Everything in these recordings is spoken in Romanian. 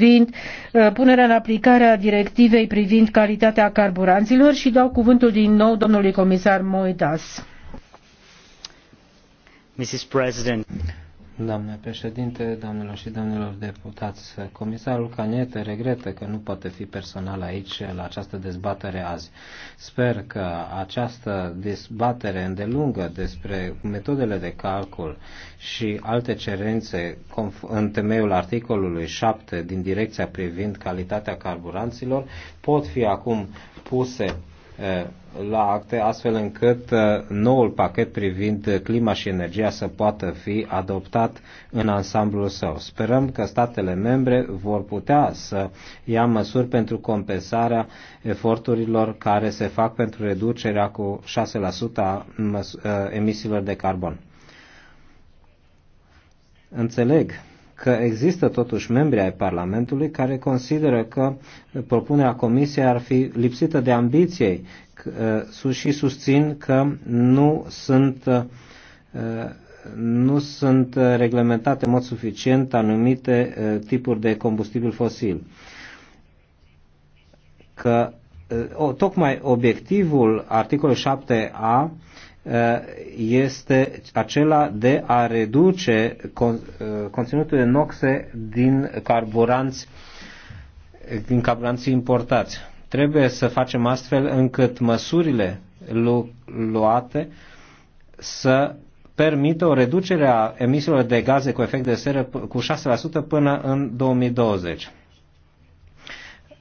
privind uh, punerea în aplicare a directivei privind calitatea carburanților și dau cuvântul din nou domnului comisar Moedas. Mrs. President. Doamne președinte, doamnelor și domnilor deputați, comisarul Caniete regretă că nu poate fi personal aici la această dezbatere azi. Sper că această dezbatere îndelungă despre metodele de calcul și alte cerințe în temeiul articolului 7 din direcția privind calitatea carburanților pot fi acum puse la acte, astfel încât noul pachet privind clima și energia să poată fi adoptat în ansamblul său. Sperăm că statele membre vor putea să ia măsuri pentru compensarea eforturilor care se fac pentru reducerea cu 6% a emisiilor de carbon. Înțeleg că există totuși membri ai Parlamentului care consideră că propunerea Comisiei ar fi lipsită de ambiției uh, și susțin că nu sunt, uh, nu sunt reglementate în mod suficient anumite uh, tipuri de combustibil fosil. Că tocmai obiectivul articolului 7a Uh, este acela de a reduce uh, conținutul de noxe din carburanți din carburanții importați. Trebuie să facem astfel încât măsurile lu- luate să permită o reducere a emisiilor de gaze cu efect de seră cu 6% până în 2020.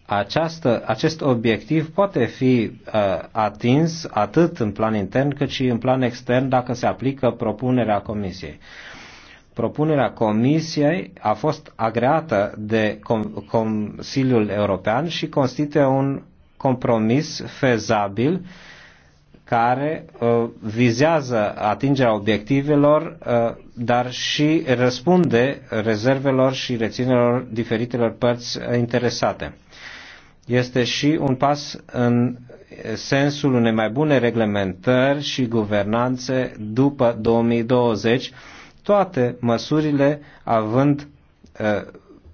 Această, acest obiectiv poate fi uh, atins atât în plan intern cât și în plan extern dacă se aplică propunerea Comisiei. Propunerea Comisiei a fost agreată de Com- Consiliul European și constituie un compromis fezabil care uh, vizează atingerea obiectivelor, uh, dar și răspunde rezervelor și reținerilor diferitelor părți interesate este și un pas în sensul unei mai bune reglementări și guvernanțe după 2020, toate măsurile având uh,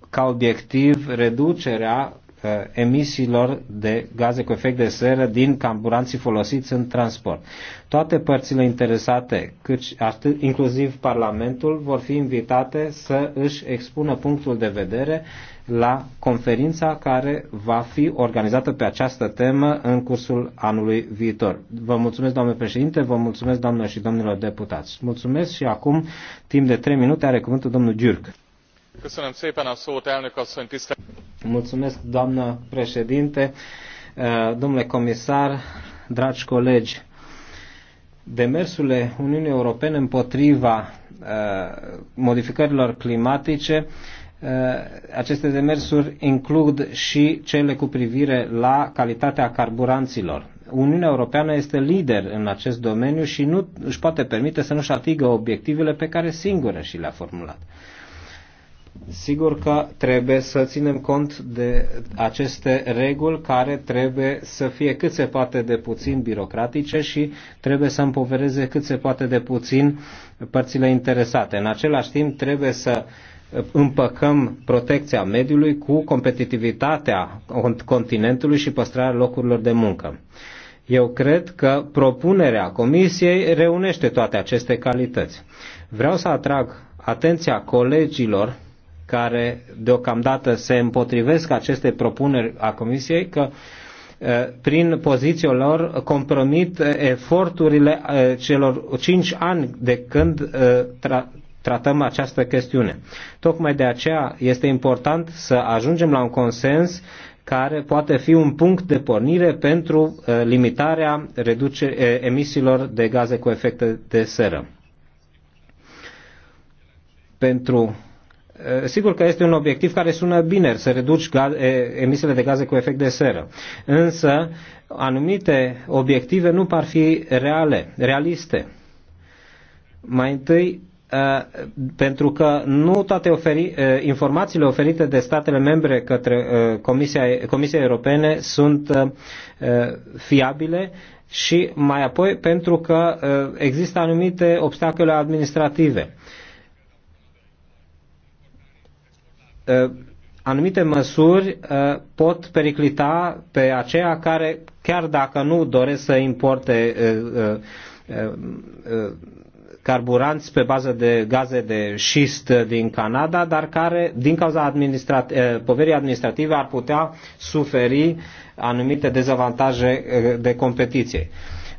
ca obiectiv reducerea uh, emisiilor de gaze cu efect de seră din camburanții folosiți în transport. Toate părțile interesate, cât, atât, inclusiv Parlamentul, vor fi invitate să își expună punctul de vedere la conferința care va fi organizată pe această temă în cursul anului viitor. Vă mulțumesc, doamne președinte, vă mulțumesc, doamnelor și domnilor deputați. Mulțumesc și acum, timp de trei minute, are cuvântul domnul Giurc. Mulțumesc, doamnă președinte, uh, domnule comisar, dragi colegi. Demersurile Uniunii Europene împotriva uh, modificărilor climatice Eh, aceste demersuri includ și cele cu privire la calitatea carburanților. Uniunea Europeană este lider în acest domeniu și nu își poate permite să nu-și atingă obiectivele pe care singură și le-a formulat. Sigur că trebuie să ținem cont de aceste reguli care trebuie să fie cât se poate de puțin birocratice și trebuie să împovereze cât se poate de puțin părțile interesate. În același timp trebuie să uh, împăcăm protecția mediului cu competitivitatea continentului și păstrarea locurilor de muncă. Eu cred că propunerea Comisiei reunește toate aceste calități. Vreau să atrag atenția colegilor care deocamdată se împotrivesc aceste propuneri a Comisiei că prin poziția lor compromit eforturile celor cinci ani de când tratăm această chestiune. Tocmai de aceea este important să ajungem la un consens care poate fi un punct de pornire pentru uh, limitarea uh, emisiilor de gaze cu efecte de seră. Pentru uh, Sigur că este un obiectiv care sună bine, să reduci emisiile de gaze cu efect de seră. Însă, anumite obiective nu par fi reale, realiste. Mai întâi, Uh, pentru că nu toate oferi, uh, informațiile oferite de statele membre către uh, Comisia, Comisia Europene sunt fiabile și mai apoi pentru că există anumite obstacole administrative. Anumite măsuri pot periclita pe aceia care, chiar dacă nu doresc să importe carburanți pe bază de gaze de șist din Canada, dar care, din cauza administrat, eh, poverii administrative, ar putea suferi anumite dezavantaje eh, de competiție.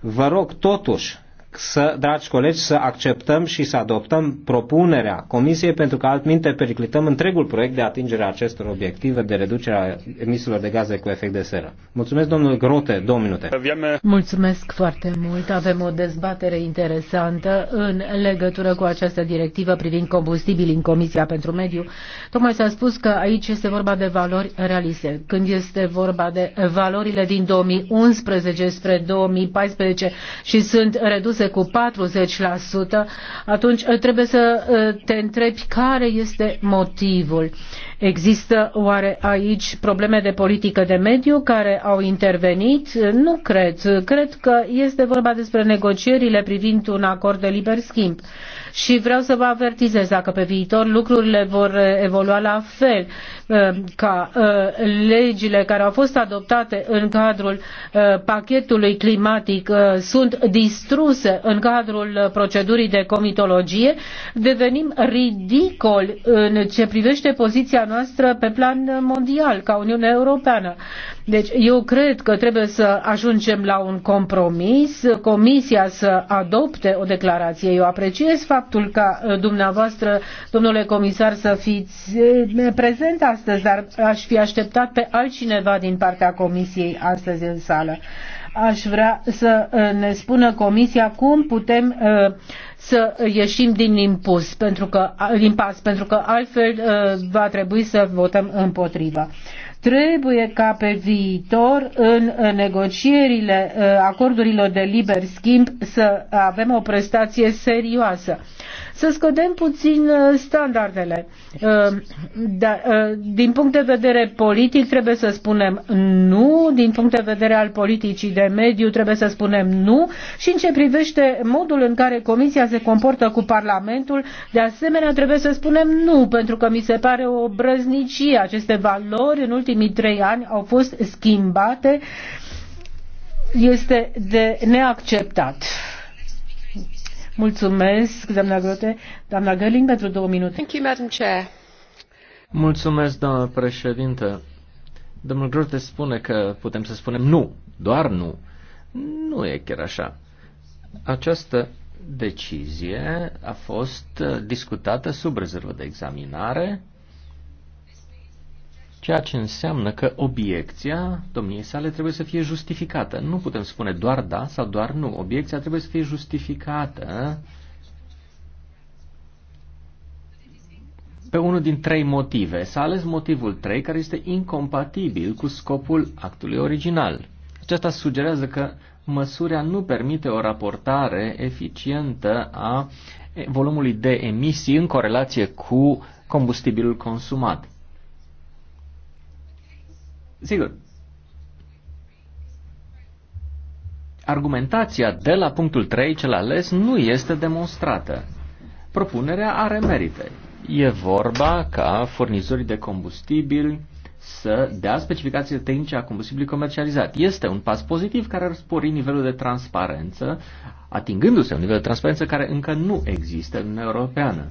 Vă rog totuși să, dragi colegi, să acceptăm și să adoptăm propunerea Comisiei pentru că altminte periclităm întregul proiect de atingere a acestor obiective de reducere a emisiilor de gaze cu efect de seră. Mulțumesc, domnul Grote, două minute. Mulțumesc foarte mult. Avem o dezbatere interesantă în legătură cu această directivă privind combustibili în Comisia pentru Mediu. Tocmai s-a spus că aici este vorba de valori realiste. Când este vorba de valorile din 2011 spre 2014 și sunt reduse crește cu 40%, atunci ă, trebuie să ă, te întrebi care este motivul. Există oare aici probleme de politică de mediu care au intervenit? Nu cred. Cred că este vorba despre negocierile privind un acord de liber schimb. Și vreau să vă avertizez dacă pe viitor lucrurile vor evolua la fel uh, ca uh, legile care au fost adoptate în cadrul uh, pachetului climatic sunt distruse în cadrul procedurii de comitologie, devenim ridicoli în ce privește poziția noastră pe plan mondial, ca Uniunea Europeană. Deci eu cred că trebuie să ajungem la un compromis, Comisia să adopte o declarație. Eu apreciez faptul ca uh, dumneavoastră, domnule comisar, să fiți uh, prezent astăzi, dar aș fi așteptat pe altcineva din partea Comisiei astăzi în sală. Aș vrea să uh, ne spună Comisia cum putem uh, să ieșim din impuls, pentru că, impas, pentru că altfel uh, va trebui să votăm împotriva trebuie ca pe viitor în negocierile uh, acordurilor de liber schimb să avem o prestație serioasă să scădem puțin uh, standardele. Uh, da, uh, din punct de vedere politic trebuie să spunem nu, din punct de vedere al politicii de mediu trebuie să spunem nu și în ce privește modul în care Comisia se comportă cu Parlamentul, de asemenea trebuie să spunem nu, pentru că mi se pare o brăznicie. Aceste valori în ultimii trei ani au fost schimbate este de neacceptat. Mulțumesc, doamna Grote. Doamna Gărling, pentru două minute. Thank you, Madam Chair. Mulțumesc, doamna președinte. Domnul Grote spune că putem să spunem nu, doar nu. Nu e chiar așa. Această decizie a fost discutată sub rezervă de examinare Ceea ce înseamnă că obiecția domniei sale trebuie să fie justificată. Nu putem spune doar da sau doar nu. Obiecția trebuie să fie justificată pe unul din trei motive. S-a ales motivul 3 care este incompatibil cu scopul actului original. Aceasta sugerează că măsura nu permite o raportare eficientă a volumului de emisii în corelație cu combustibilul consumat. Sigur, argumentația de la punctul 3 cel ales nu este demonstrată. Propunerea are merite. E vorba ca furnizorii de combustibil să dea specificații tehnice a combustibilului comercializat. Este un pas pozitiv care ar spori nivelul de transparență, atingându-se un nivel de transparență care încă nu există în Uniunea Europeană.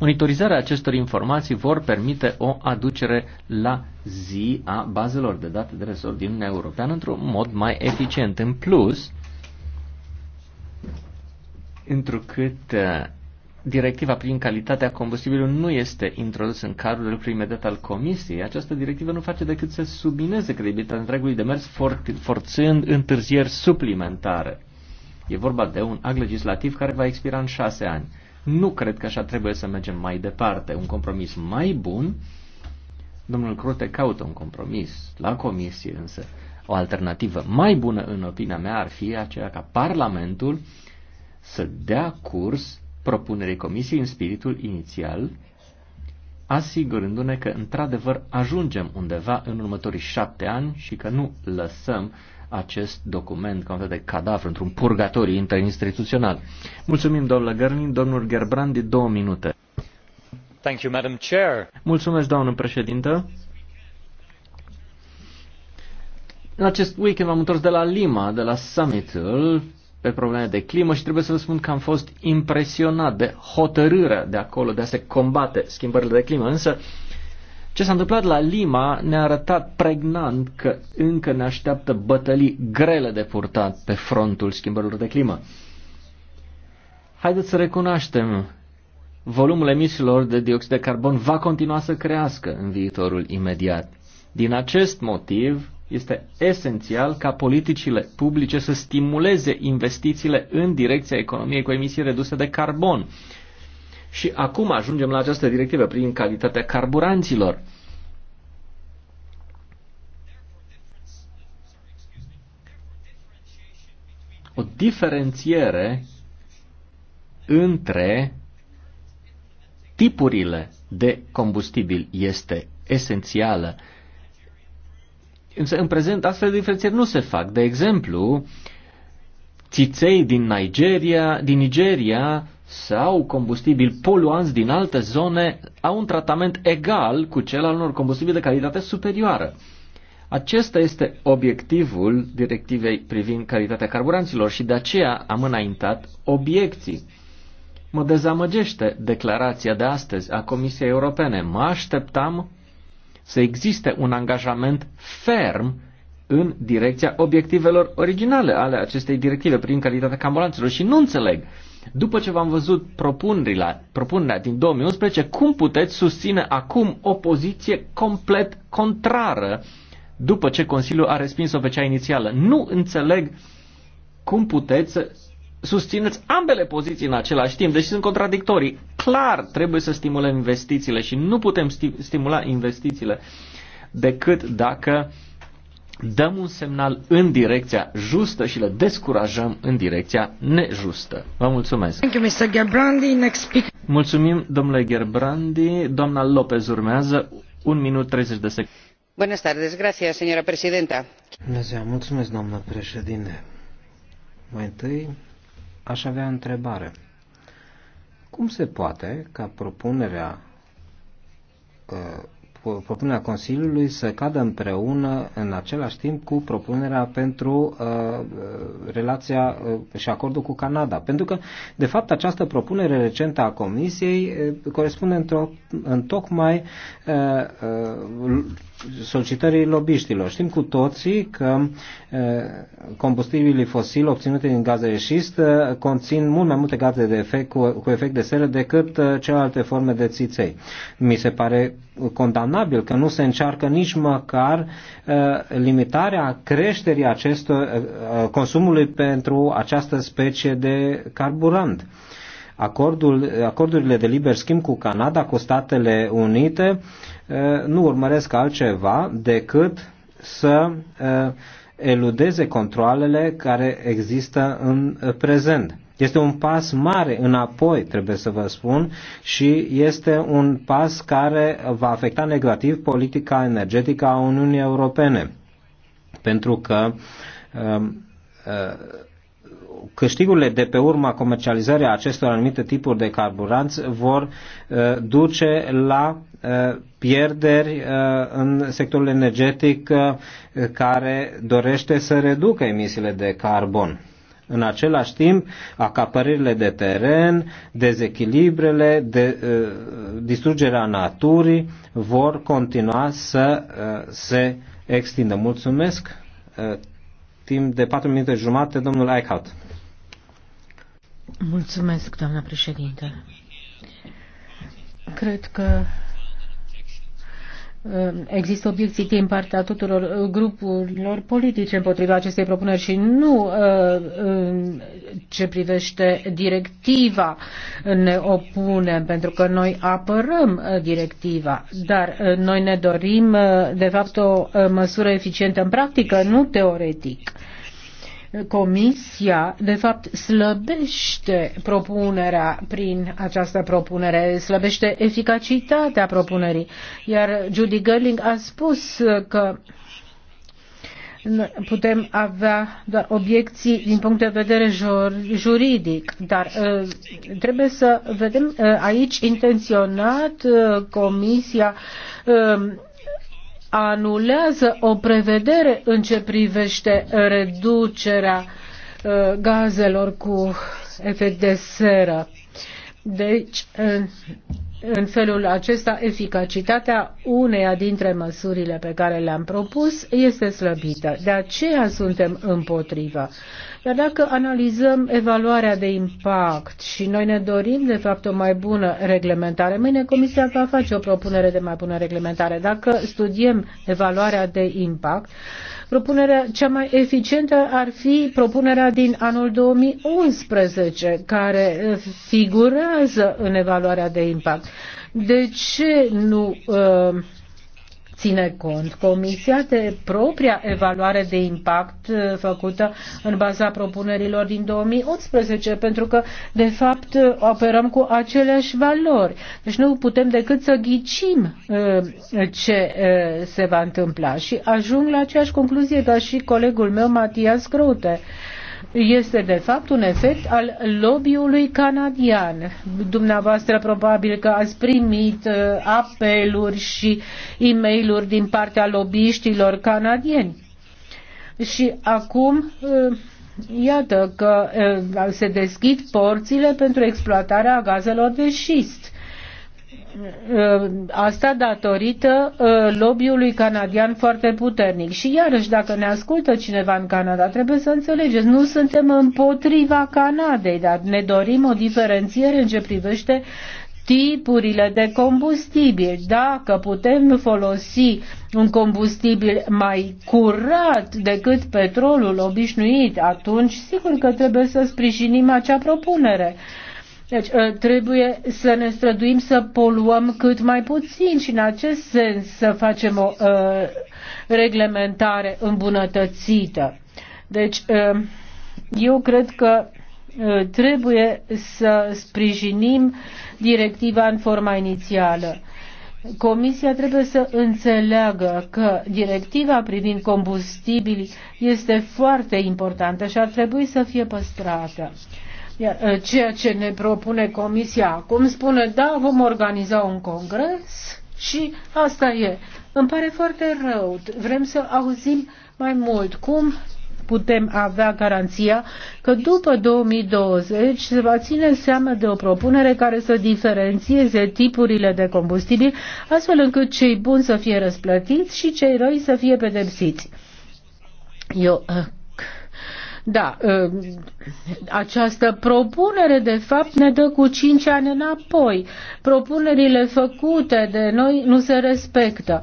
Monitorizarea acestor informații vor permite o aducere la zi a bazelor de date de resort din Uniunea Europeană într-un mod mai eficient. În plus, întrucât uh, directiva prin calitatea combustibilului nu este introdusă în cadrul lucrului imediat al Comisiei, această directivă nu face decât să submineze credibilitatea întregului demers, for- forțând întârzieri suplimentare. E vorba de un act legislativ care va expira în șase ani. Nu cred că așa trebuie să mergem mai departe. Un compromis mai bun, domnul Crote caută un compromis la comisie, însă o alternativă mai bună, în opinia mea, ar fi aceea ca Parlamentul să dea curs propunerii comisiei în spiritul inițial, asigurându-ne că într-adevăr ajungem undeva în următorii șapte ani și că nu lăsăm acest document ca un fel de cadavru într-un purgatoriu interinstituțional. Mulțumim, domnule Gărnin. Domnul Gerbrandi, două minute. Thank you, Madam Chair. Mulțumesc, doamnă președintă. În acest weekend m-am întors de la Lima, de la summitul pe probleme de climă și trebuie să vă spun că am fost impresionat de hotărârea de acolo de a se combate schimbările de climă. Însă ce s-a întâmplat la Lima ne-a arătat pregnant că încă ne așteaptă bătălii grele de purtat pe frontul schimbărilor de climă. Haideți să recunoaștem, volumul emisiilor de dioxid de carbon va continua să crească în viitorul imediat. Din acest motiv, este esențial ca politicile publice să stimuleze investițiile în direcția economiei cu emisii reduse de carbon și acum ajungem la această directivă prin calitatea carburanților. O diferențiere între tipurile de combustibil este esențială. Însă în prezent astfel de diferențieri nu se fac. De exemplu, țiței din Nigeria, din Nigeria sau combustibili poluanți din alte zone au un tratament egal cu cel al unor combustibili de calitate superioară. Acesta este obiectivul directivei privind calitatea carburanților și de aceea am înaintat obiecții. Mă dezamăgește declarația de astăzi a Comisiei Europene. Mă așteptam să existe un angajament ferm în direcția obiectivelor originale ale acestei directive prin calitatea cambolanților și nu înțeleg. După ce v-am văzut propunerile, propunerea din 2011, cum puteți susține acum o poziție complet contrară după ce Consiliul a respins-o pe cea inițială? Nu înțeleg cum puteți să susțineți ambele poziții în același timp, deși sunt contradictorii. Clar, trebuie să stimulăm investițiile și nu putem sti- stimula investițiile decât dacă uh, dăm un semnal în direcția justă și le descurajăm în direcția nejustă. Vă mulțumesc. Thank you, Mr. Gerbrandi. Next speaker. Mulțumim, domnule Gerbrandi. Doamna Lopez urmează. Un minut 30 de secunde. Bună tardes, gracias, señora presidenta. Bună ziua, mulțumesc, doamnă președinte. Mai întâi, aș avea o întrebare. Cum se poate ca propunerea uh, propunerea Consiliului să cadă împreună în același timp cu propunerea pentru uh, uh, relația uh, și acordul cu Canada. Pentru că, de fapt, această propunere recentă a Comisiei uh, corespunde într-o, în tocmai uh, uh, solicitării lobiștilor. Știm cu toții că combustibilii fosili obținute din gaze de șist conțin mult mai multe gaze de efect, cu efect de seră decât celelalte forme de țiței. Mi se pare condamnabil că nu se încearcă nici măcar limitarea creșterii acestor, consumului pentru această specie de carburant acordul, acordurile de liber schimb cu Canada, cu Statele Unite, nu urmăresc altceva decât să eludeze controlele care există în prezent. Este un pas mare înapoi, trebuie să vă spun, și este un pas care va afecta negativ politica energetică a Uniunii Europene. Pentru că câștigurile de pe urma comercializării acestor anumite tipuri de carburanți vor duce la Uh, pierderi uh, în sectorul energetic uh, care dorește să reducă emisiile de carbon. În același timp, acapărările de teren, dezechilibrele, de, distrugerea naturii vor continua să se extindă. Mulțumesc. timp de 4 minute jumate, domnul Eichhout. Mulțumesc, doamna președinte. Cred că Ehm, există obiecții din partea tuturor uh, grupurilor politice împotriva acestei propuneri și nu uh, ce privește directiva ne opunem, pentru că noi apărăm uh, directiva, dar noi ne dorim de fapt o măsură eficientă în practică, nu teoretic. Comisia, de fapt, slăbește propunerea prin această propunere, slăbește eficacitatea propunerii. Iar Judy Gerling a spus că putem avea doar obiecții din punct de vedere juridic, dar uh, trebuie să vedem uh, aici intenționat uh, Comisia anulează o prevedere în ce privește reducerea uh, gazelor cu efect de seră. Deci, uh, în felul acesta eficacitatea uneia dintre măsurile pe care le-am propus este slăbită. De aceea suntem împotriva. Dar dacă analizăm evaluarea de impact și noi ne dorim de fapt o mai bună reglementare, mâine Comisia va face o propunere de mai bună reglementare. Dacă studiem evaluarea de impact, Propunerea cea mai eficientă ar fi propunerea din anul 2011, care figurează în evaluarea de impact. De ce nu uh, ține cont Comisia de propria evaluare de impact uh, făcută în baza propunerilor din 2018, pentru că, de fapt, uh, operăm cu aceleași valori. Deci nu putem decât să ghicim uh, ce se va întâmpla. Și ajung la aceeași concluzie ca și colegul meu, Matias Grote este de fapt un efect al lobby-ului canadian. Dumneavoastră probabil că ați primit uh, apeluri și e mail din partea lobbyiștilor canadieni. Și acum uh, iată că uh, se deschid porțile pentru exploatarea gazelor de șist Ă, asta datorită ă, lobby-ului canadian foarte puternic. Și iarăși, dacă ne ascultă cineva în Canada, trebuie să înțelegeți, nu suntem împotriva Canadei, dar ne dorim o diferențiere în ce privește tipurile de combustibil. Dacă putem folosi un combustibil mai curat decât petrolul obișnuit, atunci sigur că trebuie să sprijinim acea propunere. Deci ă, trebuie să ne străduim să poluăm cât mai puțin și în acest sens să facem o uh, reglementare îmbunătățită. Deci uh, eu cred că uh, trebuie să sprijinim directiva în forma inițială. Comisia trebuie să înțeleagă că directiva privind combustibili este foarte importantă și ar trebui să fie păstrată. Iar ă, ceea ce ne propune Comisia acum spune, da, vom organiza un congres și asta e. Îmi pare foarte rău. Vrem să auzim mai mult cum putem avea garanția că după 2020 se va ține seama de o propunere care să diferențieze tipurile de combustibil, astfel încât cei buni să fie răsplătiți și cei răi să fie pedepsiți. Eu ă, da, ă, această propunere, de fapt, ne dă cu cinci ani înapoi. Propunerile făcute de noi nu se respectă.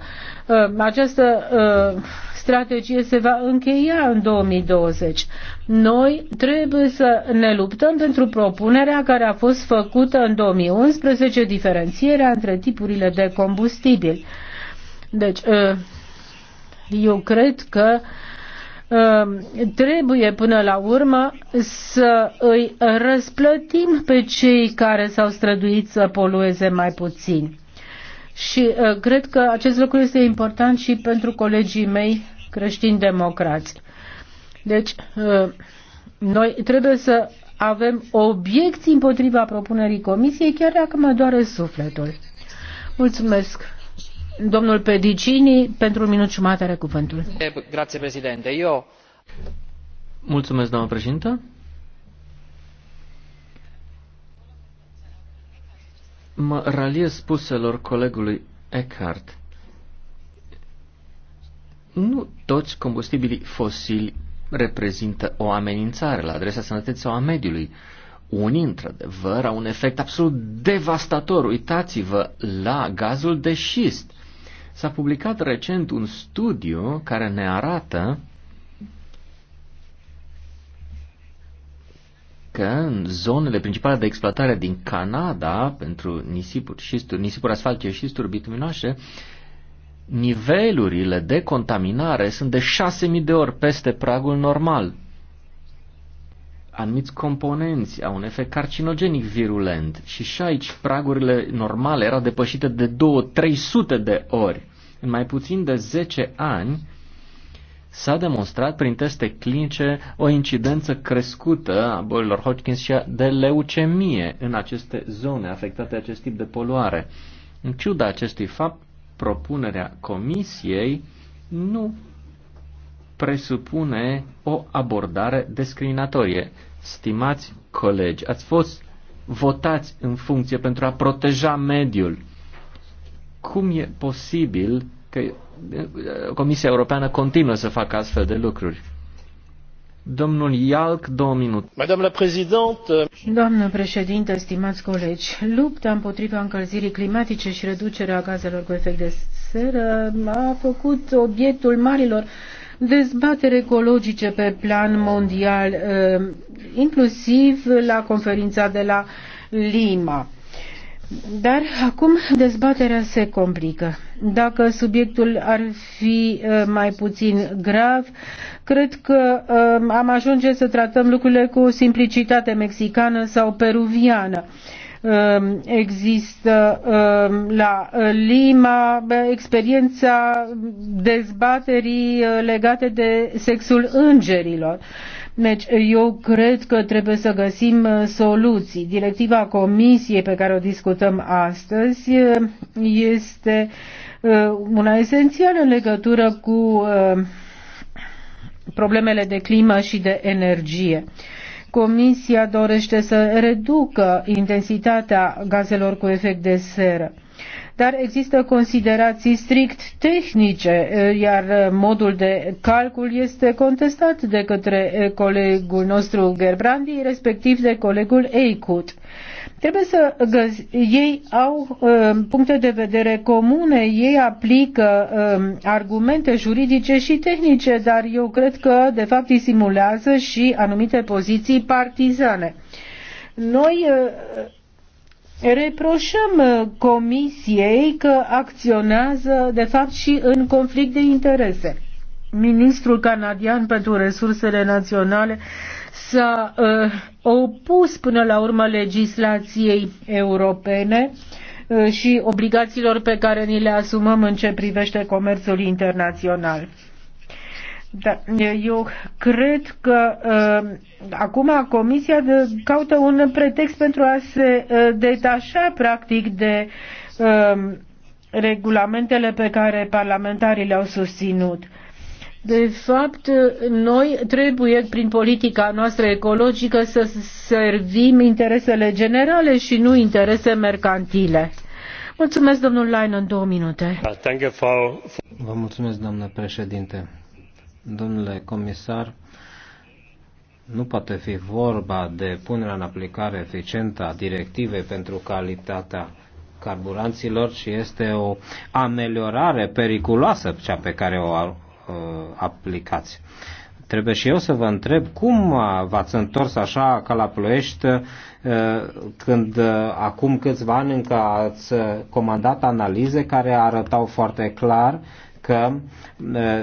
Ă, această ă, strategie se va încheia în 2020. Noi trebuie să ne luptăm pentru propunerea care a fost făcută în 2011, diferențierea între tipurile de combustibil. Deci, eu cred că uh, Ehm, trebuie până la urmă să îi răsplătim pe cei care s-au străduit să polueze mai puțin. Și eh, cred că acest lucru este important și pentru colegii mei creștini-democrați. Deci, eh, noi trebuie să avem obiecții împotriva propunerii comisiei, chiar dacă mă doare sufletul. Mulțumesc, Domnul Pedicini, pentru un minut jumătate are cuvântul. Grazie, președinte. Eu... Mulțumesc, doamnă președintă. Mă raliez spuselor colegului Eckhart. Nu toți combustibilii fosili reprezintă o amenințare la adresa sănătății sau a mediului. Unii, într-adevăr, au un efect absolut devastator. Uitați-vă la gazul de șist. S-a publicat recent un studiu care ne arată că în zonele principale de exploatare din Canada pentru nisipuri, șisturi, nisipuri asfaltice și șisturi bituminoase, nivelurile de contaminare sunt de 6.000 de ori peste pragul normal anumiți componenți au un efect carcinogenic virulent și și aici pragurile normale erau depășite de 2-300 de ori. În mai puțin de 10 ani s-a demonstrat prin teste clinice o incidență crescută a bolilor Hodgkin și de leucemie în aceste zone afectate de acest tip de poluare. În ciuda acestui fapt, propunerea comisiei nu presupune o abordare discriminatorie. Stimați colegi, ați fost votați în funcție pentru a proteja mediul. Cum e posibil că uh, Comisia Europeană continuă să facă astfel de lucruri? Domnul Ialc, două minute. Madame Președinte... Euh, Doamnă președinte, stimați colegi, lupta împotriva încălzirii climatice și reducerea gazelor cu efect de seră a făcut obiectul marilor dezbateri ecologice pe plan mondial, uh, inclusiv la conferința de la Lima. Dar acum dezbaterea se complică. Dacă subiectul ar fi uh, mai puțin grav, cred că uh, am ajunge să tratăm lucrurile cu simplicitate mexicană sau peruviană. Um, există um, la uh, Lima uh, experiența dezbaterii uh, legate de sexul îngerilor. Deci eu cred că trebuie să găsim soluții. Directiva Comisiei pe care o discutăm astăzi este una esențială în legătură cu problemele de climă și de energie. Comisia dorește să reducă intensitatea gazelor cu efect de seră. Dar există considerații strict tehnice, iar modul de calcul este contestat de către colegul nostru Gerbrandi, respectiv de colegul Eicut. Trebuie să găzi, ei au uh, puncte de vedere comune, ei aplică uh, argumente juridice și tehnice, dar eu cred că de fapt simulează și anumite poziții partizane. Noi uh, Reproșăm uh, Comisiei că acționează, de fapt, și în conflict de interese. Ministrul canadian pentru resursele naționale s-a uh, opus până la urmă legislației europene uh, și obligațiilor pe care ni le asumăm în ce privește comerțul internațional. Da, eu cred că uh, acum Comisia de, caută un pretext pentru a se uh, detașa practic de uh, regulamentele pe care parlamentarii le-au susținut. Uh, de fapt, noi trebuie, prin politica noastră ecologică, să servim interesele generale și nu interese mercantile. Mulțumesc, domnul Lain, în două minute. Vă mulțumesc, doamnă președinte. Domnule comisar, nu poate fi vorba de punerea în aplicare eficientă a directivei pentru calitatea carburanților, ci este o ameliorare periculoasă cea pe care o Uh, aplicați. Trebuie și eu să vă întreb cum uh, v-ați întors așa ca la ploiești uh, când acum câțiva ani încă ați comandat analize care arătau foarte clar că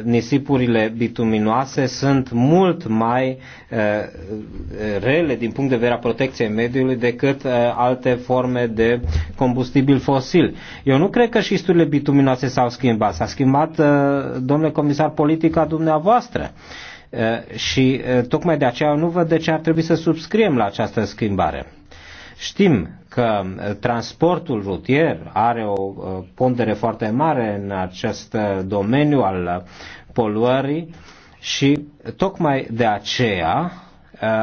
nisipurile bituminoase sunt mult mai rele din punct de vedere a protecției mediului decât alte forme de combustibil fosil. Eu nu cred că și studiile bituminoase s-au schimbat. S-a schimbat, domnule comisar, politica dumneavoastră și tocmai de aceea nu văd de ce ar trebui să subscriem la această schimbare. Știm că uh, transportul rutier are o uh, pondere foarte mare în acest uh, domeniu al poluării și tocmai de aceea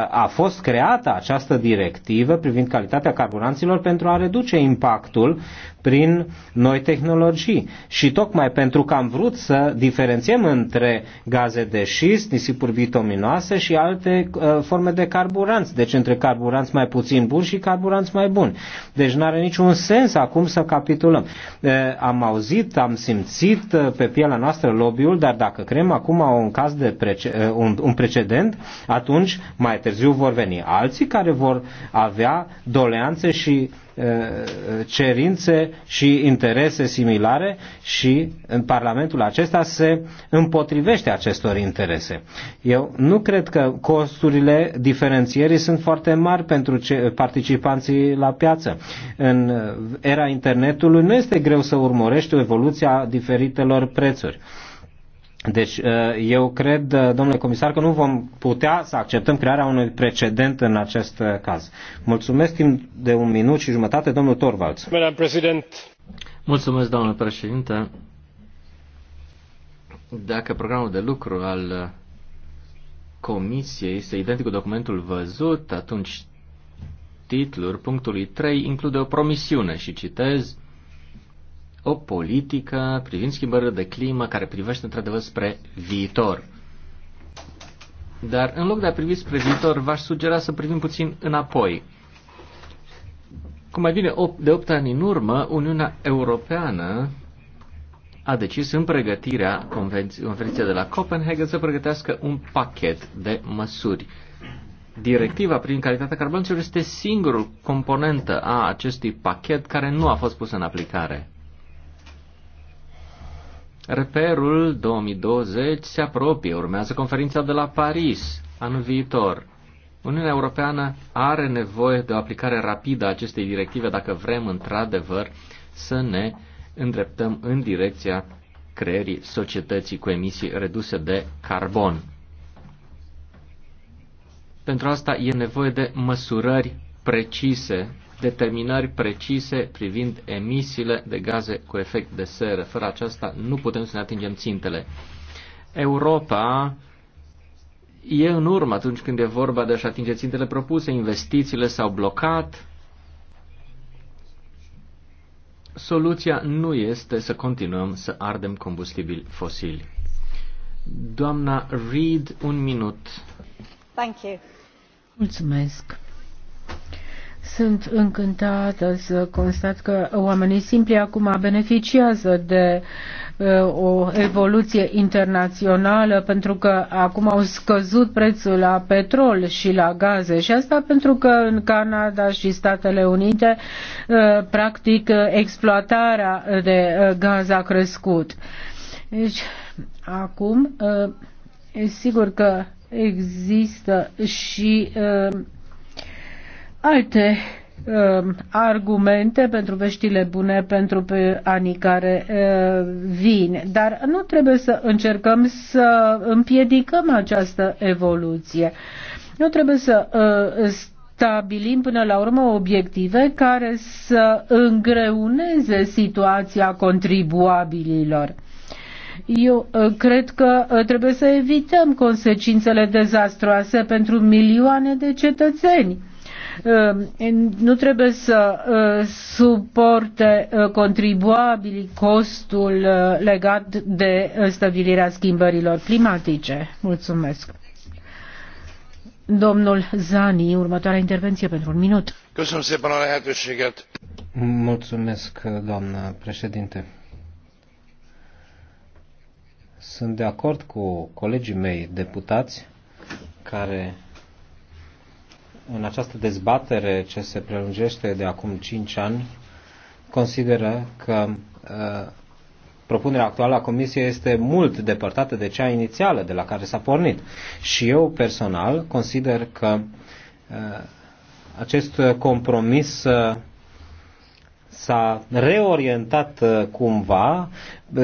a fost creată această directivă privind calitatea carburanților pentru a reduce impactul prin noi tehnologii. Și tocmai pentru că am vrut să diferențiem între gaze de șist, nisipuri bitominoase și alte uh, forme de carburanți, deci între carburanți mai puțin buni și carburanți mai buni. Deci nu are niciun sens acum să capitulăm. Uh, am auzit, am simțit uh, pe pielea noastră lobby-ul, dar dacă creăm acum un caz de prece- uh, un, un precedent, atunci mai târziu vor veni alții care vor avea doleanțe și Eh, cerințe și interese similare și în Parlamentul acesta se împotrivește acestor interese. Eu nu cred că costurile diferențierii sunt foarte mari pentru participanții la piață. În era internetului nu este greu să urmărești o evoluție a diferitelor prețuri. Deci uh, eu cred, uh, domnule comisar, că nu vom putea să acceptăm crearea unui precedent în acest uh, caz. Mulțumesc timp de un minut și jumătate, domnul Torvalds. Mulțumesc, domnule președinte. Dacă programul de lucru al comisiei este identic cu documentul văzut, atunci titlul punctului 3 include o promisiune și citez o politică privind schimbările de climă care privește într-adevăr spre viitor. Dar în loc de a privi spre viitor, v-aș sugera să privim puțin înapoi. Cum mai bine de 8 ani în urmă, Uniunea Europeană a decis în pregătirea conferinței de la Copenhagen să pregătească un pachet de măsuri. Directiva prin calitatea carbonților este singurul componentă a acestui pachet care nu a fost pusă în aplicare. Reperul 2020 se apropie, urmează conferința de la Paris anul viitor. Uniunea Europeană are nevoie de o aplicare rapidă a acestei directive dacă vrem într-adevăr să ne îndreptăm în direcția creierii societății cu emisii reduse de carbon. Pentru asta e nevoie de măsurări precise determinări precise privind emisiile de gaze cu efect de seră. Fără aceasta nu putem să ne atingem țintele. Europa e în urmă atunci când e vorba de a-și atinge țintele propuse, investițiile s-au blocat. Soluția nu este să continuăm să ardem combustibili fosili. Doamna Reid, un minut. Thank you. Mulțumesc. Sunt încântată să constat că oamenii simpli acum beneficiază de uh, o evoluție internațională pentru că acum au scăzut prețul la petrol și la gaze și asta pentru că în Canada și Statele Unite uh, practic exploatarea de uh, gaz a crescut. Deci acum sigur că există și uh, alte uh, argumente pentru veștile bune pentru pe anii care uh, vin, dar nu trebuie să încercăm să împiedicăm această evoluție. Nu trebuie să uh, stabilim până la urmă obiective care să îngreuneze situația contribuabililor. Eu uh, cred că uh, trebuie să evităm consecințele dezastroase pentru milioane de cetățeni Eh, nu trebuie să eh, suporte eh, contribuabilii costul legat de stabilirea schimbărilor climatice. Mulțumesc. Domnul Zani, următoarea intervenție pentru un minut. Mulțumesc, doamnă președinte. Sunt de acord cu colegii mei deputați care în această dezbatere ce se prelungește de acum 5 ani, consideră că uh, propunerea actuală a Comisiei este mult depărtată de cea inițială de la care s-a pornit. Și eu personal consider că uh, acest compromis uh, s-a reorientat uh, cumva uh,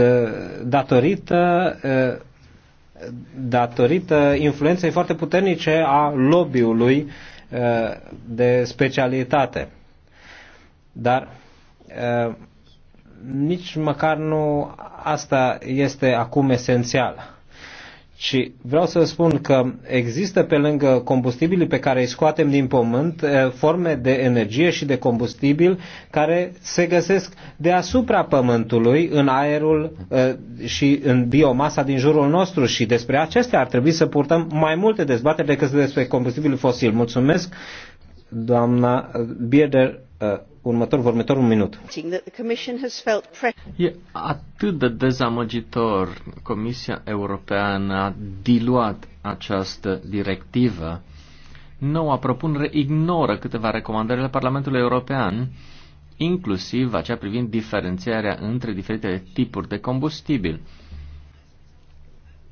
datorită uh, datorită influenței foarte puternice a lobby-ului Uh, de specialitate. Dar uh, nici măcar nu asta este acum esențial și vreau să spun că există pe lângă combustibilii pe care îi scoatem din pământ eh, forme de energie și de combustibil care se găsesc deasupra pământului, în aerul eh, și în biomasa din jurul nostru și despre acestea ar trebui să purtăm mai multe dezbateri decât despre combustibilul fosil. Mulțumesc, doamna Bieder Uh, următor, următor un minut. E atât de dezamăgitor. Comisia Europeană a diluat această directivă. Noua propunere ignoră câteva recomandări ale Parlamentului European, inclusiv acea privind diferențiarea între diferite tipuri de combustibil.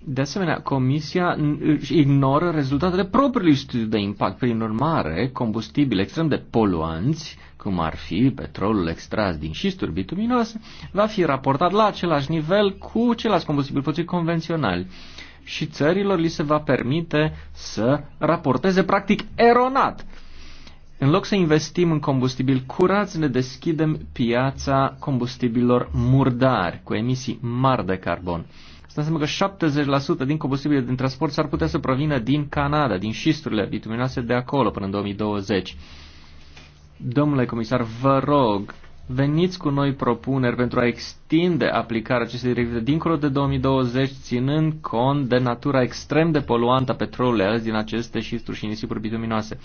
De asemenea, Comisia își ignoră rezultatele propriului studiu de impact. Prin urmare, combustibili extrem de poluanți, cum ar fi petrolul extras din șisturi bituminoase, va fi raportat la același nivel cu ceilalți combustibili fosili convenționali și țărilor li se va permite să raporteze practic eronat. În loc să investim în combustibil curați, ne deschidem piața combustibilor murdari cu emisii mari de carbon. Asta înseamnă că 70% din combustibile din transport s-ar putea să provină din Canada, din șisturile bituminoase de acolo până în 2020. Domnule comisar, vă rog, veniți cu noi propuneri pentru a extinde aplicarea acestei directive dincolo de 2020, ținând cont de natura extrem de poluantă a petrolului ales din aceste șisturi și nisipuri bituminoase.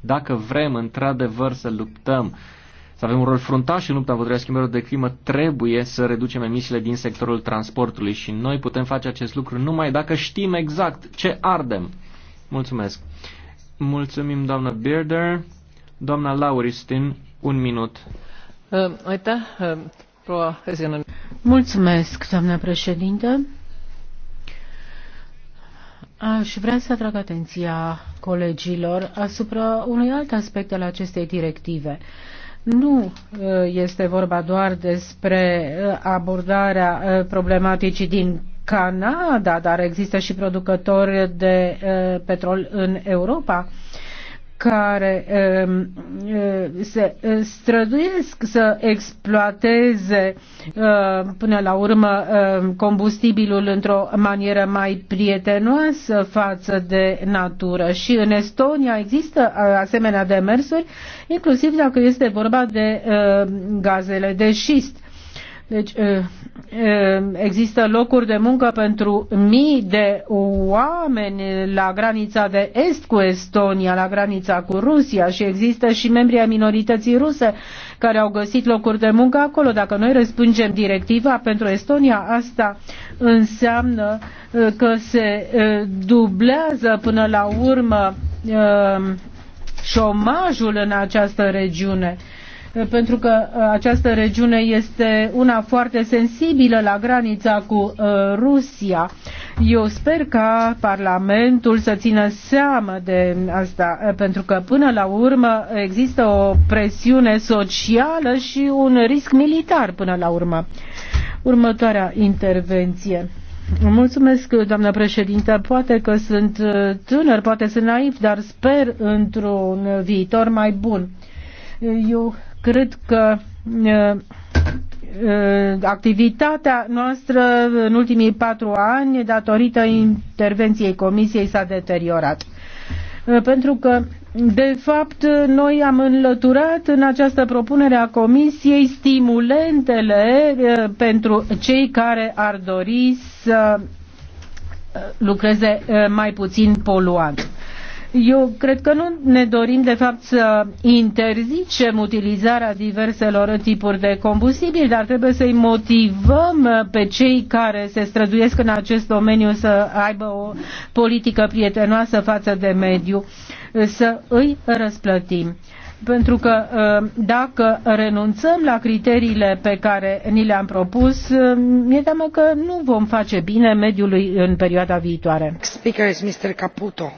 Dacă vrem într-adevăr să luptăm să avem un rol fruntaș în lupta împotriva schimbărilor de climă, trebuie să reducem emisiile din sectorul transportului și noi putem face acest lucru numai dacă știm exact ce ardem. Mulțumesc. Mulțumim, doamna Bearder. Doamna Lauristin, un minut. Um, um, Mulțumesc, doamna președinte. Aș vrea să atrag atenția colegilor asupra unui alt aspect al acestei directive. Uh, nu uh, este vorba doar despre uh, abordarea uh, problematicii din Canada, dar există și producători de petrol în Europa care um, uh, se uh, străduiesc să exploateze uh, până la urmă um, combustibilul într-o manieră mai prietenoasă față de natură. Și în Estonia există asemenea demersuri, inclusiv dacă este vorba de gazele de șist. Deci uh, uh, există locuri de muncă pentru mii de oameni la granița de est cu Estonia, la granița cu Rusia și există și membrii ai minorității ruse care au găsit locuri de muncă acolo. Dacă noi răspângem directiva pentru Estonia, asta înseamnă uh, că se dublează până la urmă șomajul în această regiune pentru că uh, această regiune este una foarte sensibilă la granița cu uh, Rusia. Eu sper ca Parlamentul să țină seamă de asta, uh, pentru că până la urmă există o presiune socială și un risc militar până la urmă. Următoarea intervenție. Mulțumesc, doamnă președintă. Poate că sunt tânăr, poate sunt naiv, dar sper într-un viitor mai bun. Eu Cred că activitatea noastră în ultimii patru ani, datorită intervenției Comisiei, s-a deteriorat. Pentru că, de fapt, noi am înlăturat în această propunere a Comisiei stimulentele pentru cei care ar dori să lucreze mai puțin poluant. Eu cred că nu ne dorim, de fapt, să interzicem utilizarea diverselor tipuri de combustibil, dar trebuie să-i motivăm pe cei care se străduiesc în acest domeniu să aibă o politică prietenoasă față de mediu, să îi răsplătim pentru că ă, dacă renunțăm la criteriile pe care ni le-am propus, ă, mi-e teamă că nu vom face bine mediului în perioada viitoare. Speaker is Mr. Caputo.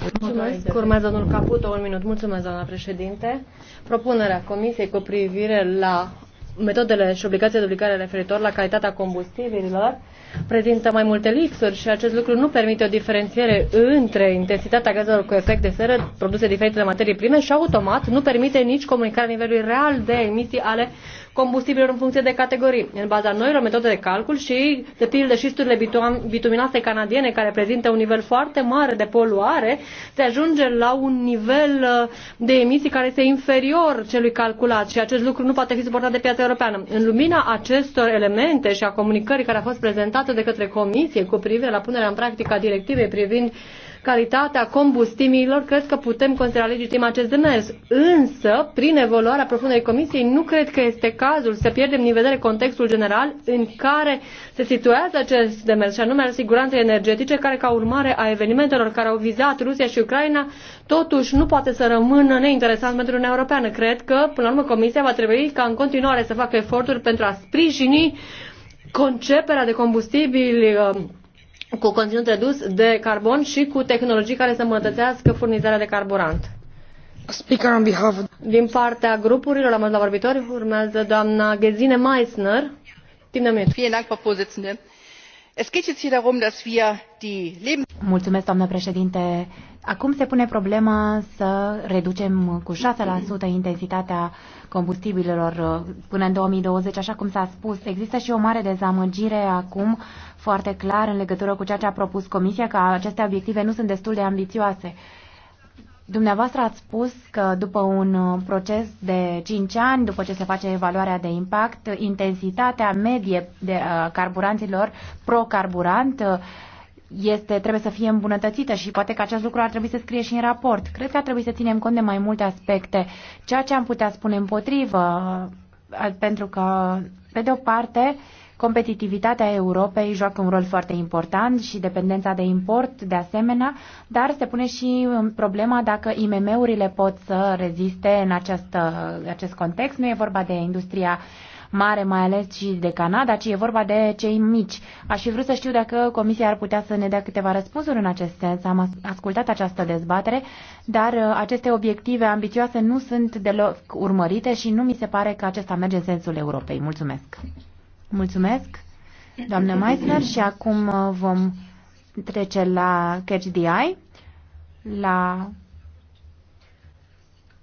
Mulțumesc. Urmează domnul Caputo, un minut. Mulțumesc, doamna președinte. Propunerea Comisiei cu privire la metodele și obligația de obligare referitor la calitatea combustibililor prezintă mai multe lipsuri și acest lucru nu permite o diferențiere între intensitatea gazelor cu efect de seră produse diferite de materii prime și automat nu permite nici comunicarea nivelului real de emisii ale combustibilor în funcție de categorii, în baza noilor metode de calcul și, de pildă, șisturile bituminate canadiene, care prezintă un nivel foarte mare de poluare, se ajunge la un nivel uh, de emisii care este inferior celui calculat și acest lucru nu poate fi suportat de piața europeană. În lumina acestor elemente și a comunicării care a fost prezentată de către Comisie cu privire la punerea în practică a directivei privind calitatea combustibililor, cred că putem considera legitim acest demers. Însă, prin evoluarea profundei Comisiei, nu cred că este cazul să pierdem din vedere contextul general în care se situează acest demers, și anume al siguranței energetice, care ca urmare a evenimentelor care au vizat Rusia și Ucraina, totuși nu poate să rămână neinteresant pentru Uniunea Europeană. Cred că, până la urmă, Comisia va trebui ca în continuare să facă eforturi pentru a sprijini conceperea de combustibili uh, cu conținut redus de carbon și cu tehnologii care să îmbunătățească furnizarea de carburant. Speaker on behalf of... Din partea grupurilor, am la vorbitori, urmează doamna Gesine Meissner. Timp de minut doamnă președinte acum se pune problema să reducem cu 6% intensitatea combustibililor uh, până în 2020, așa cum s-a spus. Există și o mare dezamăgire acum foarte clar în legătură cu ceea ce a propus Comisia, că aceste obiective nu sunt destul de ambițioase. Dumneavoastră ați spus că după un uh, proces de 5 ani, după ce se face evaluarea de impact, intensitatea medie de uh, carburanților pro-carburant uh, este, trebuie să fie îmbunătățită și poate că acest lucru ar trebui să scrie și în raport. Cred că ar trebui să ținem cont de mai multe aspecte. Ceea ce am putea spune împotrivă, pentru că, pe de o parte, uh, Competitivitatea Europei joacă un rol foarte important și dependența de import de asemenea, dar se pune și problema dacă IMM-urile pot să reziste în acest, acest context. Nu e vorba de industria mare, mai ales și de Canada, ci e vorba de cei mici. Aș fi vrut să știu dacă Comisia ar putea să ne dea câteva răspunsuri în acest sens. Am ascultat această dezbatere, dar uh, aceste obiective ambițioase nu sunt deloc urmărite și nu mi se pare că acesta merge în sensul Europei. Mulțumesc! Mulțumesc, doamnă Meissner, și acum uh, vom trece la Catch the Eye, la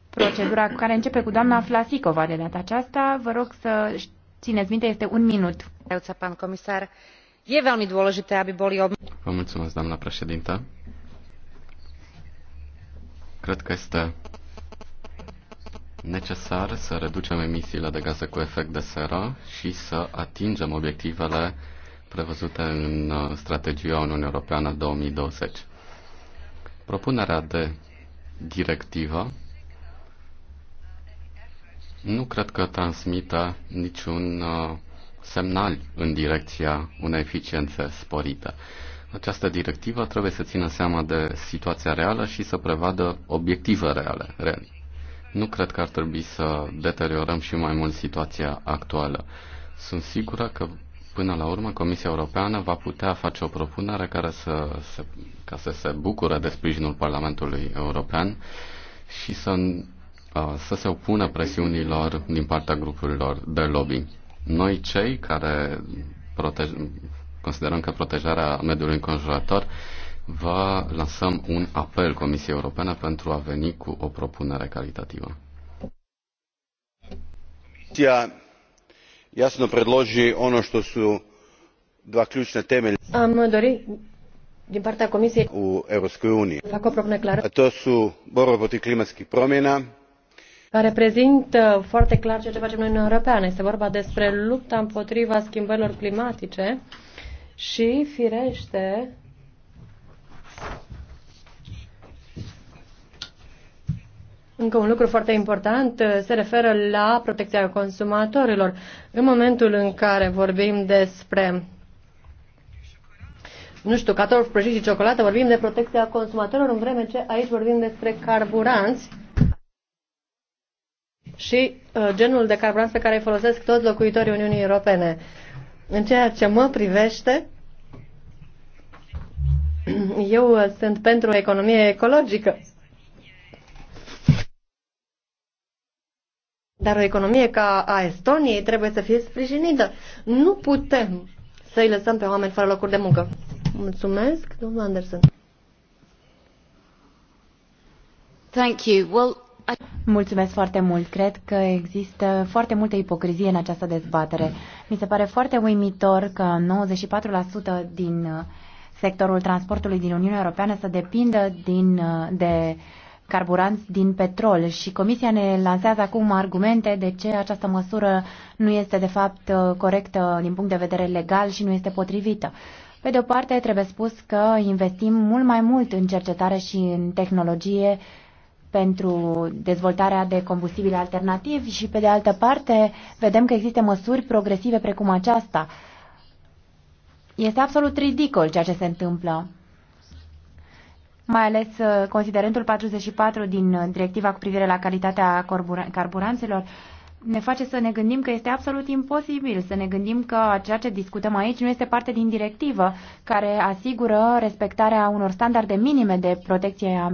procedura care începe cu doamna Flasicova de data aceasta. Vă rog să țineți minte, este un minut. Pan comisar, e veľmi dôležité, aby boli... Vă mulțumesc, doamna președintă. Cred că este necesar să reducem emisiile de gaze cu efect de seră și să atingem obiectivele prevăzute în uh, strategia Uniunii Europeană 2020. Propunerea de directivă nu cred că transmită niciun uh, semnal în direcția unei eficiențe sporite. Această directivă trebuie să țină seama de situația reală și să prevadă obiective reale, reale nu cred că ar trebui să deteriorăm și mai mult situația actuală. Sunt sigură că până la urmă Comisia Europeană va putea face o propunere care să, să, ca să se bucure de sprijinul Parlamentului European și să, uh, să se opună presiunilor din partea grupurilor de lobby. Noi cei care protej, considerăm că protejarea mediului înconjurător vă lansăm un apel Comisiei Europene pentru a veni cu o propunere calitativă. Comisia jasno predloži ono što su dva ključne temelje. am dori din partea comisiei u europskoj uniji fac o propunere clară to su borba protiv klimatskih promjena care reprezintă foarte clar ceea ce facem noi în europeană. Este vorba despre lupta împotriva schimbărilor climatice și, firește, Încă un lucru foarte important uh, se referă la protecția consumatorilor. În momentul în care vorbim despre nu știu, cator, prăjit și ciocolată, vorbim de protecția consumatorilor, în vreme ce aici vorbim despre carburanți și uh, genul de carburanți pe care îi folosesc toți locuitorii Uniunii Europene. În ceea ce mă privește, eu uh, sunt pentru o economie ecologică Dar o economie ca a Estoniei trebuie să fie sprijinită. Nu putem să-i lăsăm pe oameni fără locuri de muncă. Mulțumesc, domnul Anderson. Thank you. Well, I... Mulțumesc foarte mult. Cred că există foarte multă ipocrizie în această dezbatere. Mi se pare foarte uimitor că 94% din uh, sectorul transportului din Uniunea Europeană să depindă din, uh, de carburanți din petrol și Comisia ne lansează acum argumente de ce această măsură nu este de fapt corectă din punct de vedere legal și nu este potrivită. Pe de o parte, trebuie spus că investim mult mai mult în cercetare și în tehnologie pentru dezvoltarea de combustibili alternativi și, pe de altă parte, vedem că există măsuri progresive precum aceasta. Este absolut ridicol ceea ce se întâmplă mai ales uh, considerentul 44 din uh, directiva cu privire la calitatea carburanților, ne face să ne gândim că este absolut imposibil, să ne gândim că ceea ce discutăm aici nu este parte din directivă care asigură respectarea unor standarde minime de protecție a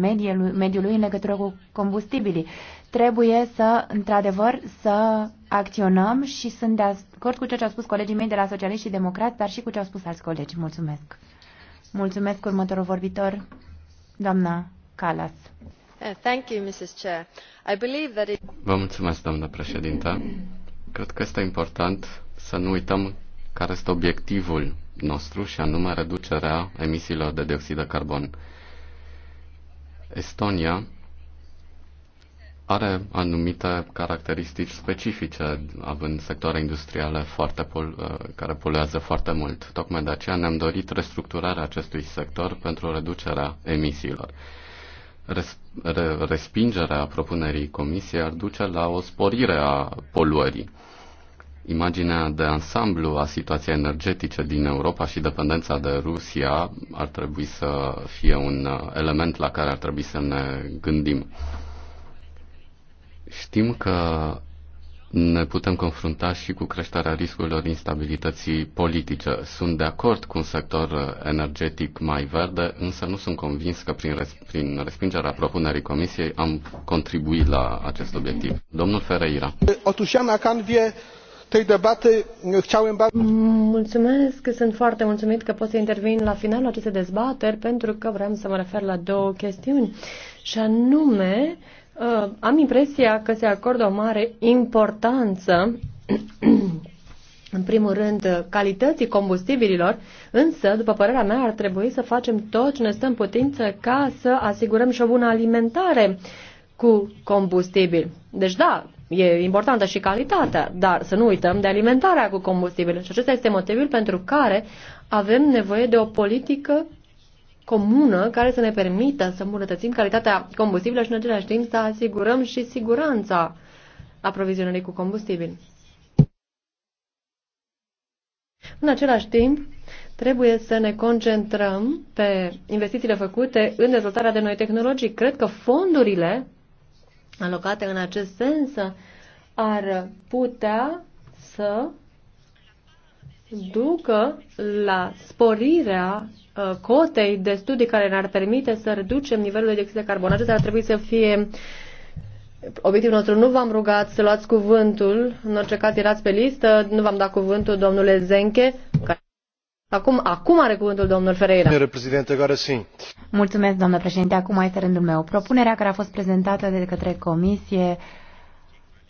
mediului în legătură cu combustibilii. Trebuie să, într-adevăr, să acționăm și sunt de acord cu ceea ce au spus colegii mei de la Socialiști și Democrați, dar și cu ce au spus alți colegi. Mulțumesc! Mulțumesc următorul vorbitor. Doamna Calas. Uh, thank you, Mrs. Chair. I believe that it... Vă mulțumesc, doamna președintă. Cred că este important să nu uităm care este obiectivul nostru și anume reducerea emisiilor de dioxid de carbon. Estonia are anumite caracteristici specifice, având sectoare industriale foarte pol- uh, care poluează foarte mult. Tocmai de aceea ne-am dorit restructurarea acestui sector pentru reducerea emisiilor. Res- re- respingerea propunerii comisiei ar duce la o sporire a poluării. Imaginea de ansamblu a situației energetice din Europa și dependența de Rusia ar trebui să fie un uh, element la care ar trebui să ne gândim Știm că ne putem confrunta și cu creșterea riscurilor instabilității politice. Sunt de acord cu un sector energetic mai verde, însă nu sunt convins că prin, res- prin respingerea propunerii Comisiei am contribuit la acest obiectiv. Domnul Ferreira. Otóż ja Mulțumesc, sunt foarte mulțumit că pot să intervin la finalul acestei dezbateri pentru că vreau să mă refer la două chestiuni și anume Uh, am impresia că se acordă o mare importanță, în primul rând, calității combustibililor, însă, după părerea mea, ar trebui să facem tot ce ne stă în putință ca să asigurăm și o bună alimentare cu combustibil. Deci, da, e importantă și calitatea, dar să nu uităm de alimentarea cu combustibil. Și acesta este motivul pentru care avem nevoie de o politică comună care să ne permită să îmbunătățim calitatea combustibilului și în același timp să asigurăm și siguranța aprovizionării cu combustibil. În același timp, trebuie să ne concentrăm pe investițiile făcute în dezvoltarea de noi tehnologii. Cred că fondurile alocate în acest sens ar putea să ducă la sporirea Uh, cotei de studii care ne-ar permite să reducem nivelul de dioxid de carbon. Acesta ar trebui să fie obiectivul nostru. Nu v-am rugat să luați cuvântul, în orice caz erați pe listă, nu v-am dat cuvântul domnule Zenche. Care... Acum, acum are cuvântul domnul Ferreira. Domnule președinte, care sim. Mulțumesc, domnule președinte. Acum este rândul meu. Propunerea care a fost prezentată de către comisie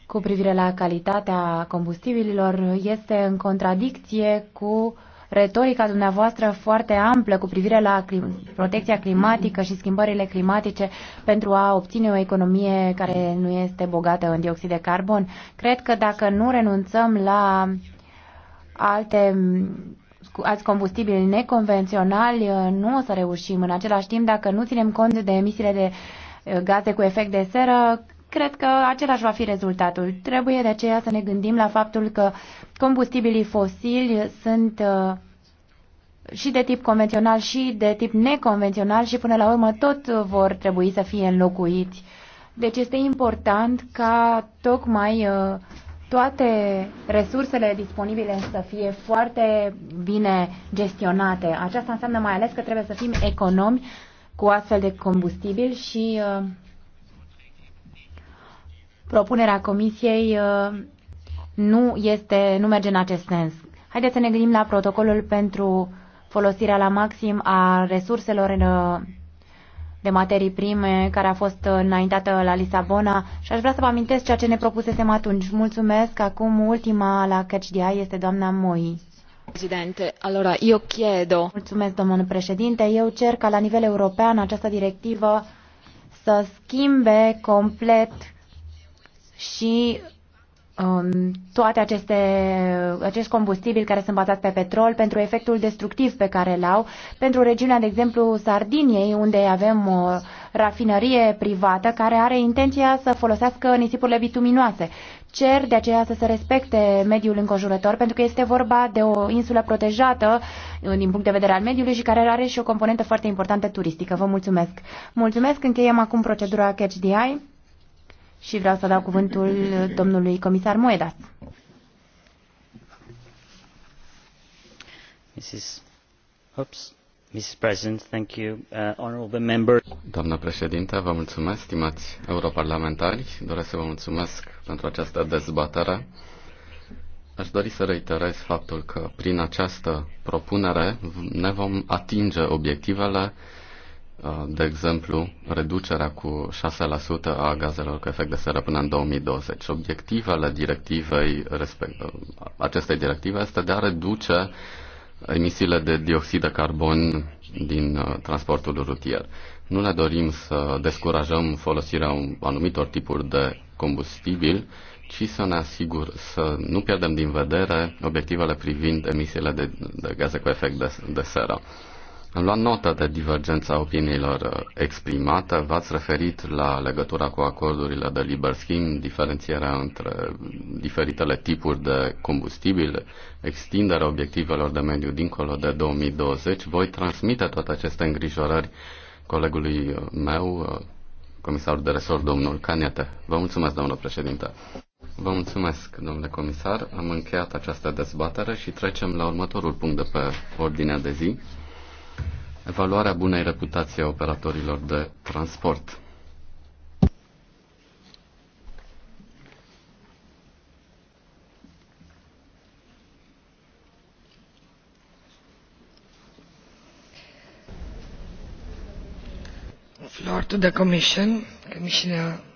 cu privire la calitatea combustibililor este în contradicție cu uh, retorica dumneavoastră foarte amplă cu privire la clim protecția climatică și schimbările climatice pentru a obține o economie care nu este bogată în dioxid de carbon. Cred că dacă nu renunțăm la alte alți combustibili neconvenționali, nu o să reușim. În același timp, dacă nu ținem cont de emisiile de eh, gaze cu efect de seră, cred că același va fi rezultatul. Trebuie de aceea să ne gândim la faptul că combustibilii fosili sunt uh, și de tip convențional și de tip neconvențional și până la urmă tot vor trebui să fie înlocuiți. Deci este important ca tocmai uh, toate resursele disponibile să fie foarte bine gestionate. Aceasta înseamnă mai ales că trebuie să fim economi cu astfel de combustibil și uh, propunerea Comisiei uh, nu, este, nu merge în acest sens. Haideți să ne gândim la protocolul pentru folosirea la maxim a resurselor uh, de materii prime care a fost uh, înaintată la Lisabona și aș vrea să vă amintesc ceea ce ne propusesem atunci. Mulțumesc. Acum ultima la Catch the Eye este doamna Moi. Presidente, allora io chiedo. Mulțumesc, domnule președinte. Eu cer ca la nivel european această directivă să schimbe complet și um, toate aceste, acest combustibil care sunt bazați pe petrol pentru efectul destructiv pe care îl au pentru regiunea, de exemplu, Sardiniei, unde avem o rafinărie privată care are intenția să folosească nisipurile bituminoase. Cer de aceea să se respecte mediul înconjurător pentru că este vorba de o insulă protejată uh, din punct de vedere al mediului și care are și o componentă foarte importantă turistică. Vă mulțumesc! Mulțumesc! Încheiem acum procedura Catch the Eye și vreau să dau cuvântul domnului comisar Moedas. Mrs. Oops. Mrs. President, thank you, uh, honorable members. Doamnă președintă, vă mulțumesc, stimați europarlamentari. Doresc să vă mulțumesc pentru această dezbatere. Aș dori să reiterez faptul că prin această propunere ne vom atinge obiectivele Uh, de exemplu, reducerea cu 6% a gazelor cu efect de seră până în 2020. Obiectivele directivei, respect, uh, acestei directive este de a reduce emisiile de dioxid de carbon din uh, transportul rutier. Nu ne dorim să descurajăm folosirea anumitor tipuri de combustibil, ci să ne asigur să nu pierdem din vedere obiectivele privind emisiile de, de gaze cu efect de, de seră am luat notă de divergența opiniilor uh, exprimate. V-ați referit la legătura cu acordurile de liber schimb, diferențierea între diferitele tipuri de combustibil, extinderea obiectivelor de mediu dincolo de 2020. Voi transmite toate aceste îngrijorări colegului uh, meu, uh, comisarul de resort, domnul Canete. Vă mulțumesc, domnule președinte. Vă mulțumesc, domnule comisar. Am încheiat această dezbatere și trecem la următorul punct de pe ordinea de zi evaluarea bunei reputații a operatorilor de transport. Floor to the Commission, Commissioner